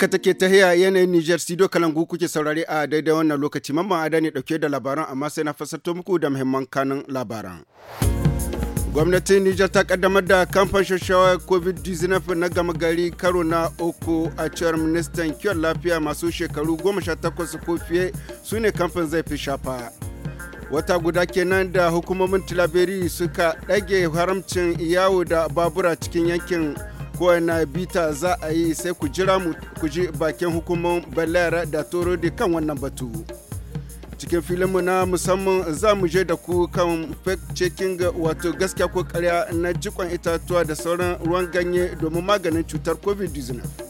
Haka take ta hiya yanayin Nijar Sido Kalangu kuke saurare a daidai wannan lokaci mamma ada ne dauke da labaran amma sai na fasarto muku da muhimman kanin labaran. Gwamnatin niger ta kaddamar da kamfan shashawa COVID-19 na gama gari karo na uku a cewar ministan kiwon lafiya masu shekaru 18 ko fiye su ne kamfan zai fi shafa. wata guda kenan da hukumomin tilaberi suka ɗage haramcin yawo da babura cikin yankin kowane bita za a yi sai ku jira mu ku ji bakin hukumar balara da da kan wannan batu cikin mu na musamman za mu je da ku kan fake checking wato gaskiya ko karya na jikon itatuwa da sauran ruwan ganye domin maganin cutar covid-19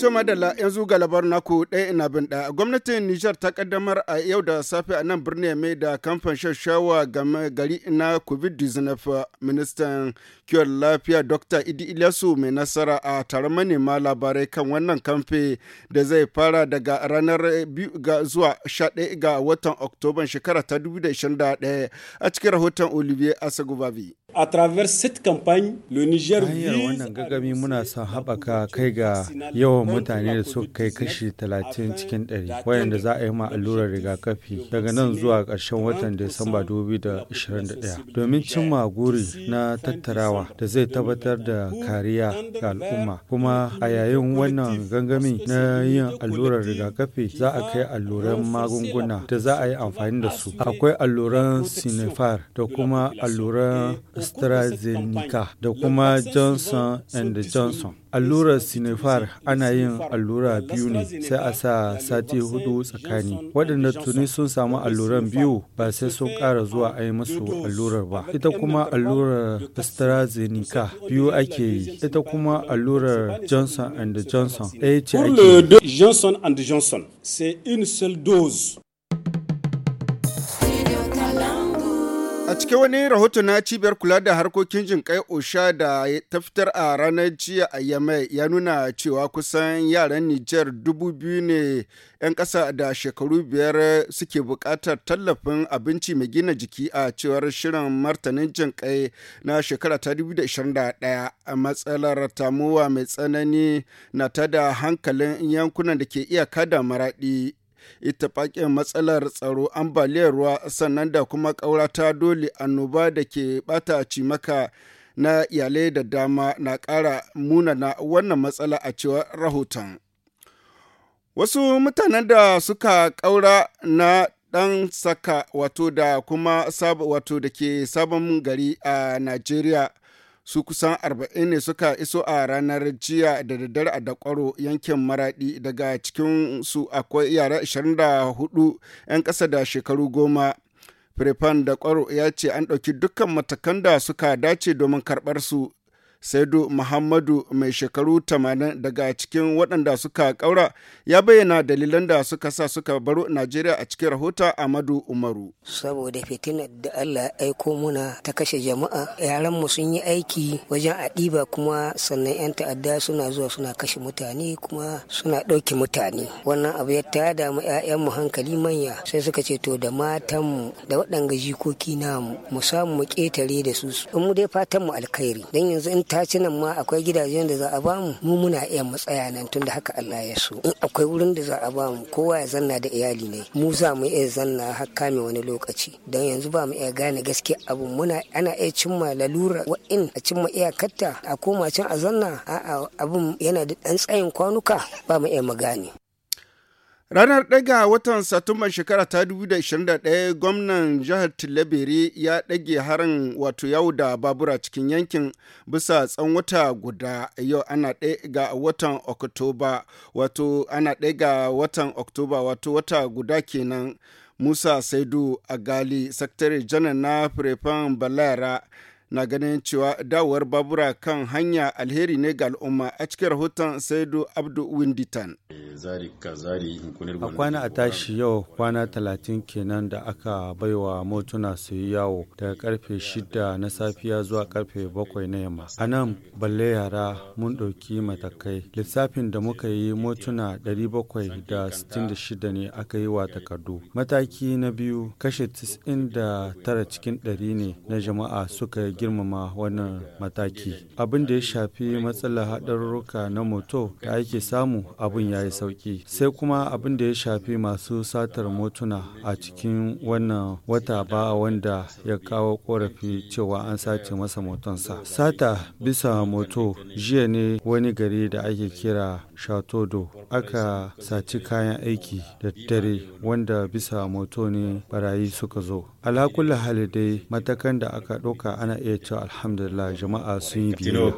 To madalla yanzu ga labar naku ɗaya ina bin ɗaya. Gwamnatin Nijar ta kaddamar a yau da safe a nan birni mai da kamfan shashawa game gari na COVID-19 ministan kiwon lafiya Dr. Idi Ilyasu mai nasara a taron manema labarai kan wannan kamfe da zai fara daga ranar 2 ga zuwa 11 ga watan Oktoban shekara ta 2021 a cikin rahoton Olivier Asagubavi. A travers cette campagne, le Niger Hanyar wannan gagami muna son haɓaka kai ga yawan mutane da suka kai kashi 30 cikin 100 wayanda za a yi ma allurar rigakafi daga nan zuwa ƙarshen watan Disamba 2021 domin cin guri na tattarawa da zai tabbatar da kariya ga al'umma. Kuma a yayin wannan gangami na yin allurar rigakafi za a kai alluran magunguna da za a yi amfani da su. Akwai alluran Sinefar da kuma alluran AstraZeneca da kuma Johnson Johnson. Allurar Sinefar ana yin allura biyu ne sai a sa sati hudu tsakani. Waɗanda tuni sun samu alluran biyu ba sai sun ƙara zuwa a yi musu allurar ba. Ita kuma allurar AstraZeneca oh, biyu ake yi. Ita kuma allurar Johnson and Johnson ɗaya ce ake yi. Johnson and Johnson, c'est une seule dose. cikin wani rahoto na cibiyar kula da harkokin jin kai osha da ta fitar a ranar jiya a yamai ya nuna cewa kusan yaran niger dubu biyu ne 'yan kasa da shekaru biyar suke bukatar tallafin abinci mai gina jiki a cewar shirin martanin jin kai na shekara ta 2021 a matsalar tamuwa mai tsanani na tada hankalin yankunan da ke iya kada maraɗi itifaƙin matsalar tsaro ambaliyar ruwa sannan da kuma ƙaurata dole annoba da ke ɓata cimaka na iyalai da dama na ƙara munana wannan matsala a cewar rahoton. Wasu mutanen da suka ƙaura na ɗan saka wato da kuma sab, wato da ke sabon gari a Najeriya su kusan 40 ne suka iso a ranar jiya da daddare a dakwaro yankin maradi daga cikin su akwai yara 24 'yan ƙasa da shekaru goma firifan da ya ce an ɗauki dukkan matakan da suka dace domin karɓar su Saidu Muhammadu mai shekaru 80 daga cikin waɗanda suka ƙaura ya bayyana dalilan da suka sa suka baro Najeriya a cikin rahota Amadu Umaru. Saboda fitinar da Allah ya aiko muna ta kashe jama'a yaran mu sun yi aiki wajen adiba kuma sannan 'yan ta'adda suna zuwa suna kashe mutane kuma suna ɗauke mutane. Wannan abu ya ta mu 'ya'yan mu hankali manya sai suka ce to da matan mu da waɗanga jikoki na mu samu mu ƙetare da su. In mu dai fatan mu alkhairi. Dan yanzu in tacinan ma akwai gidajen da za a bamu mu muna iya matsaya nan tun da haka Allah ya so in akwai wurin da za a mu kowa ya zanna da iyali ne mu za mu iya zanna har kame wani lokaci don yanzu ba mu iya gane gaske abu muna ana iya cimma lalura in a cimma iyakarta a koma can a zanna a'a abun yana da ɗan tsayin kwanuka ba mu iya magani Ranar ɗaga watan satumba shekara ta 2021 gwamnan jihar Tilabere ya ɗage harin wato yau da babura cikin yankin bisa tsan wata guda yau ana ɗaya watan Oktoba wato ana ɗaga watan Oktoba wato wata guda kenan Musa Saidu Agali, Sakatare janar na Firifan Balara na ganin cewa dawowar babura kan hanya alheri ne ga al'umma a cikin rahoton saidu abdu winditan eh, a kwana a tashi yau kwana talatin kenan da aka baiwa motuna su yi yawo daga karfe shida na safiya zuwa karfe bakwai na yamma a nan balle yara mun ɗauki matakai lissafin da muka yi motuna 766 ne aka yi wa takardu mataki na biyu kashe 99 cikin 100 ne na jama'a suka girmama wannan mataki abin da ya shafi matsalar haɗarurruka na moto da ake samu abin ya yi sauki sai kuma abin da ya shafi masu satar motuna a cikin wannan wata ba wanda ya kawo korafi cewa an sace masa motonsa sata bisa moto jiya ne wani gari da ake kira shatodo aka saci kayan aiki da dare wanda bisa moto ne barayi suka zo alakula hali dai matakan da aka ɗauka ana iya cewa alhamdulillah jama'a sun yi biyu.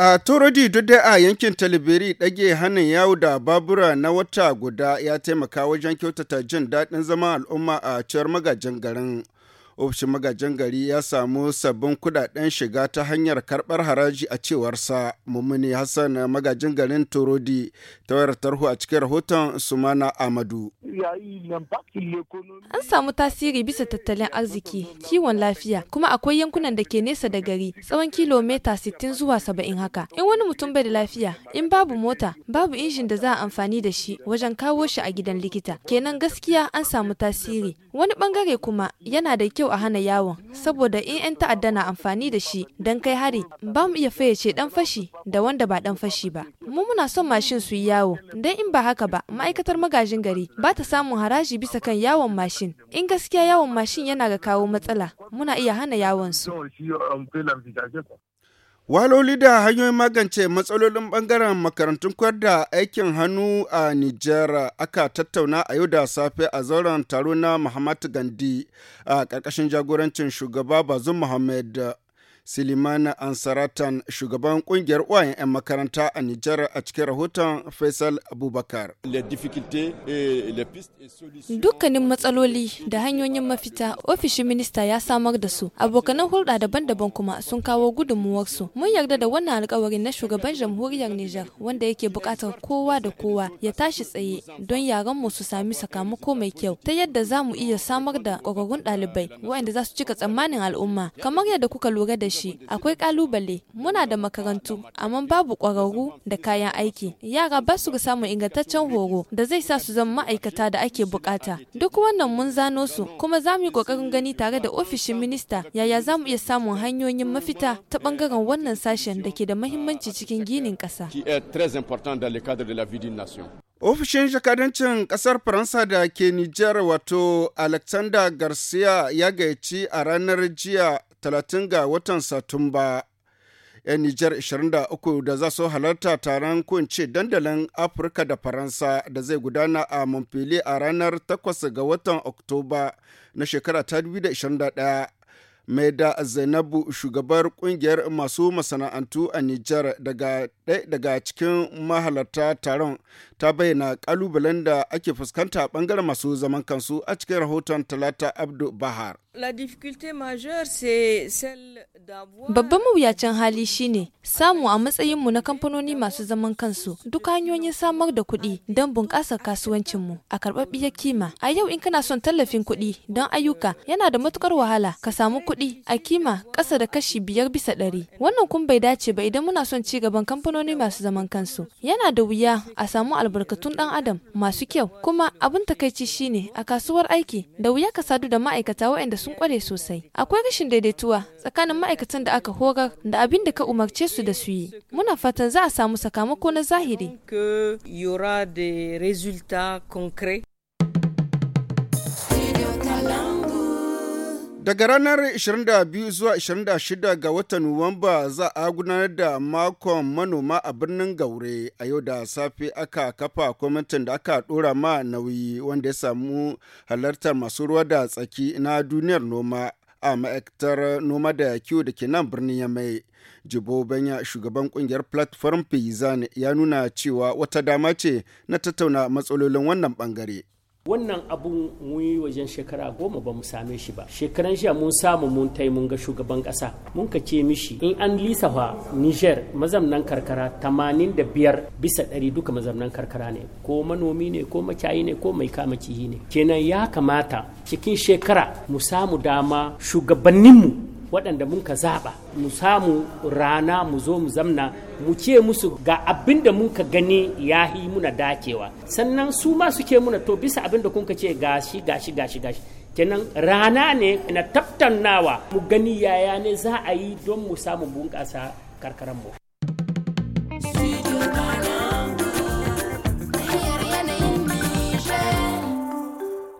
A Torodi dai a yankin Talibiri ɗage hannun yawo da babura na wata guda ya taimaka wajen kyautata jin daɗin zama al'umma a cewar magajin garin. ofishin magajin gari ya samu sabbin kudaden shiga ta hanyar karbar haraji a cewarsa mummuni hassan magajin garin turodi ta wayar tarho a cikin rahoton sumana amadu an samu tasiri bisa tattalin arziki kiwon lafiya kuma akwai yankunan da ke nesa da gari tsawon kilomita 60 zuwa 70 haka in wani mutum bai da lafiya in babu mota babu injin da za a amfani da shi wajen kawo shi a gidan likita kenan gaskiya an samu tasiri wani bangare kuma yana da kyau kyau a hana yawon saboda in 'yan ta'adda na amfani da shi don kai hari ba mu iya fayyace dan fashi da wanda ba dan fashi ba mu muna son mashin su yi yawo don in ba haka ba ma'aikatar magajin gari ba ta samun haraji bisa kan yawon mashin in gaskiya yawon mashin yana ga kawo matsala muna iya hana yawon su Waloli da hanyoyin magance matsalolin ɓangaren makarantun koyar da aikin hannu a Nijar aka tattauna a yau da safe a zauren taro na Muhammad Gandhi a ƙarƙashin jagorancin shugaba Bazum Muhammad. Silimana Ansaratan shugaban kungiyar wayan 'yan makaranta a Nijar a cikin rahoton Faisal Abubakar. Dukkanin matsaloli da hanyoyin mafita ofishin minista ya samar da su. Abokanan hulɗa daban-daban kuma sun kawo gudunmuwarsu. Mun yarda da wannan alkawarin na shugaban jamhuriyar Nijar wanda yake buƙatar kowa da kowa ya tashi tsaye don yaranmu su sami sakamako mai kyau ta yadda za mu iya samar da ƙwararrun ɗalibai waɗanda za su cika tsammanin al'umma kamar yadda kuka lura da shi shi akwai kalubale muna da makarantu amma babu ƙwararru da kayan aiki yara ba su samun ingantaccen horo da zai sa su zama ma'aikata da ake bukata duk wannan mun zano su kuma za mu yi ƙoƙarin gani tare da ofishin minista yaya za mu iya samun hanyoyin mafita ta ɓangaren wannan sashen da ke da mahimmanci cikin ginin ƙasa. Ofishin jakadancin ƙasar Faransa da ke Nijar wato Alexander Garcia ya gaici a ranar jiya 30 ga watan Satumba. 'Yan Nijar 23 da za su halarta taron kunce dandalin Afirka da Faransa da zai gudana a Montpellier a ranar 8 ga watan Oktoba na shekara ta 2021. mai da zainabu shugabar kungiyar masu masana'antu a nijar daga cikin mahalarta taron ta bayyana kalubalen da ake fuskanta bangaren masu zaman kansu a cikin rahoton talata abdu bahar Babban mawuyacin hali shine samu a matsayinmu na kamfanoni masu zaman kansu duk hanyoyin samar da kuɗi don bunƙasa kasuwancinmu a karɓaɓɓiyar kima. A yau in kana son tallafin kuɗi don ayyuka yana da matukar wahala ka samu kuɗi kuɗi a kima ƙasa da kashi biyar bisa ɗari. Wannan kun bai dace ba idan muna son ci gaban kamfanoni masu zaman kansu. Yana da wuya a samu albarkatun ɗan adam masu kyau kuma abin takaici shine a kasuwar aiki da wuya ka sadu da ma'aikata waɗanda sun ƙware sosai. Akwai rashin daidaituwa tsakanin ma'aikatan da aka horar da abin da ka umarce su da su yi. Muna fatan za a samu sakamako na zahiri. Daga ranar 22 zuwa 26 ga watan Nuwamba za a gudanar da makon manoma a birnin Gaure a yau da safe aka kafa kwamitin da aka ɗora ma nauyi wanda ya samu halartar masu ruwa da tsaki na duniyar noma a ma'aikatar noma da kiwo da ke nan birnin Yamai. Jibo Banya shugaban kungiyar Platform Pizan ya nuna cewa wata dama ce na tattauna matsalolin wannan bangare. wannan abun mun wajen shekara goma ba mu same shi ba shekaran jiya mun samu mun tai mun ga shugaban kasa mun ka mishi in an lisafa niger mazamnan karkara 85 bisa 100 duka mazamnan karkara ne ko manomi ne ko makiyayi ne ko mai kama ne kenan ya kamata cikin shekara mu samu dama shugabanninmu waɗanda mun ka zaɓa mu samu rana mu zo mu zamna mu ce musu ga abin da mun ka gani ya yi muna dacewa sannan su ma suke muna to bisa abin da kun ka ce gashi gashi gashi gashi kenan rana ne na tattaunawa mu gani yaya ne za a yi don mu samu bunƙasa karkaranmu.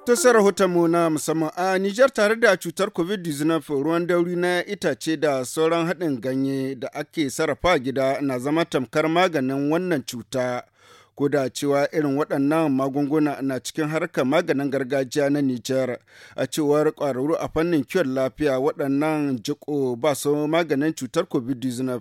To sai rahotonmu na musamman a Nijar tare da cutar COVID-19 ruwan dauri na itace da sauran haɗin ganye da ake sarrafa gida na zama tamkar maganin wannan cuta. Ko da cewa irin waɗannan magunguna na cikin harkar maganin gargajiya na Nijar, a cewar ƙwararru a fannin kiwon lafiya waɗannan jiko ba su maganin cutar COVID-19.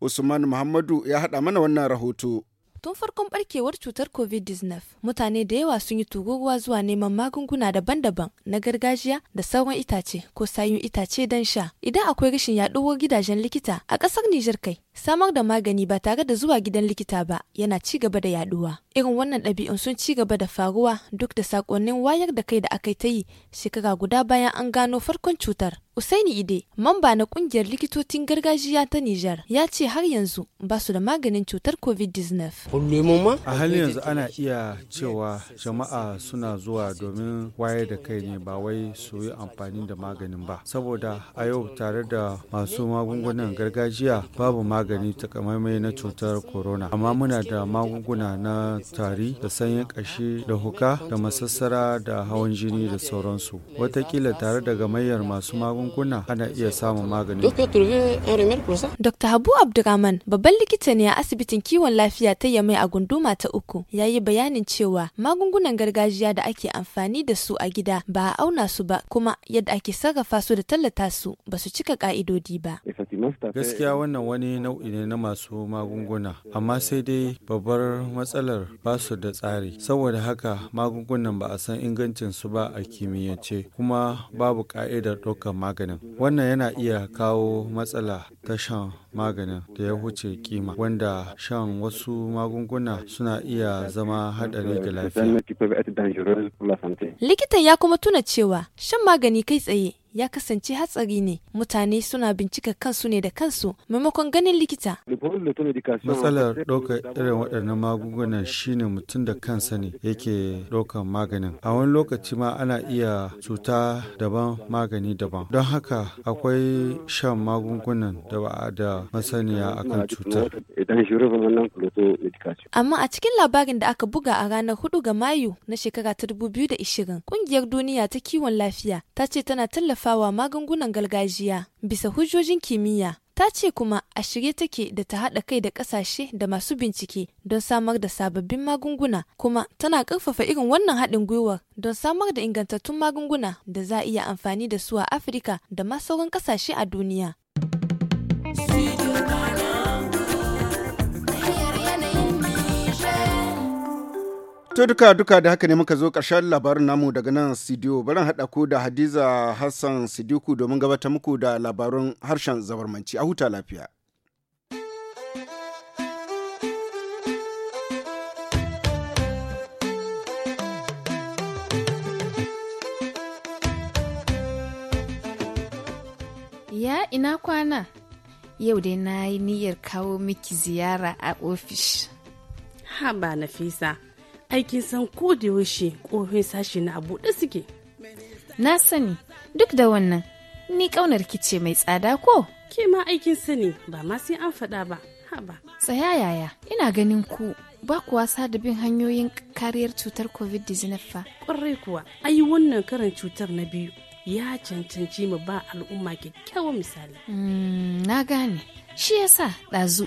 Usman Muhammadu ya haɗa mana wannan rahoto. Tun farkon barkewar cutar COVID-19, mutane da yawa sun yi tuguguwa zuwa neman magunguna daban-daban na gargajiya da sauran itace ko sayun itace don sha. Idan akwai rashin yaɗuwar gidajen likita a ƙasar Nijar kai, samar da magani ba tare da zuwa gidan likita ba yana ci gaba da yaduwa Irin wannan ɗabi'un sun ci gaba da faruwa duk da saƙonnin wayar da kai da aka yi ta yi shekara guda bayan an gano farkon cutar. Usaini Ide, mamba na kungiyar likitocin gargajiya ta Nijar, ya ce har yanzu ba su da maganin cutar COVID-19. A hali yanzu ana iya cewa jama'a suna zuwa domin wayar da kai ne ba wai su yi amfani da maganin ba. Saboda a yau tare da masu magungunan gargajiya babu magani takamaimai na cutar korona Amma muna da magunguna na tari da sanyin kashi da huka da masassara da hawan jini da sauransu. Watakila tare da gamayyar masu magunguna yankuna ana iya samun magani. Dr. Habu Abdurrahman babban likita ne a asibitin kiwon lafiya ta Yamai a gunduma ta uku ya yi bayanin cewa magungunan gargajiya da ake amfani da su a gida ba a auna su ba kuma yadda ake sarrafa su da tallata su ba su cika ka'idodi ba. Gaskiya wannan wani nau'i ne na masu magunguna amma sai dai babbar matsalar ba su da tsari saboda haka magungunan ba a san ingancin su ba a kimiyyance kuma babu ka'idar ɗaukar magani. maganin wannan yana iya kawo matsala ta shan maganin da ya wuce kima wanda shan wasu magunguna suna iya zama hadari ga lafiya likitan ya kuma tuna cewa shan magani kai tsaye ya kasance hatsari ne mutane suna bincika kansu ne da kansu maimakon ganin likita. Matsalar ɗaukar irin waɗannan magungunan shine mutum da kansa ne yake ɗaukar maganin. A wani lokaci ma ana iya cuta daban magani daban. Don haka akwai shan magungunan da ba a da masaniya akan cutar. Amma a cikin labarin da aka buga a ranar hudu ga Mayu na shekara ta 2020, ƙungiyar duniya ta kiwon lafiya ta ce tana tallafa tallafawa magungunan gargajiya bisa hujjojin kimiyya ta ce kuma a shirye take da ta haɗa kai da ƙasashe da masu bincike don samar da sababbin magunguna kuma tana ƙarfafa irin wannan haɗin gwiwar don samar da ingantattun magunguna da za a iya amfani da su a afirka da ma sauran ƙasashe a duniya. To duka duka da haka ne muka zo ƙarshen labarin namu daga nan studio barin haɗa ku da Hadiza Hassan Sidiku domin gabatar muku da labarun harshen zabarmanci a huta lafiya. Ya ina kwana? Yau dai na yi niyyar kawo miki ziyara a ofish. Ha ba Nafisa. aikin san ko da yaushe ƙofin sashi na abu da suke na sani duk da wannan ni ƙaunar kice mai tsada ko ke ma aikin sani ba ma sai an faɗa ba haba tsaya yaya ina ganin ku ba ku wasa da bin hanyoyin kariyar cutar covid-19 fa ƙwarai kuwa ayi wannan karin cutar na biyu ya cancanci mu ba al'umma kyakkyawan misali hmm, na gane shi yasa ɗazu